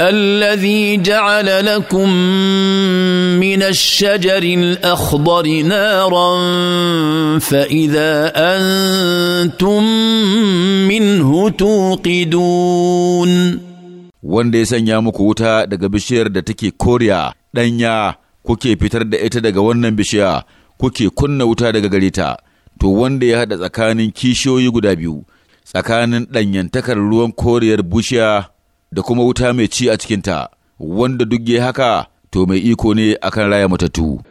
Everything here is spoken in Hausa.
الذي جعل لكم من الشجر الاخضر نارا فاذا انتم منه توقدون wanda ya sanya muku wuta daga bishiyar da take koriya ɗanya kuke fitar da ita daga wannan bishiya kuke kunna wuta daga gare ta to wanda ya haɗa tsakanin kishiyoyi guda biyu tsakanin ɗanyantakar ruwan koriyar bishiya da kuma wuta mai ci a cikinta, wanda duk ya haka to mai iko ne akan raya matattu.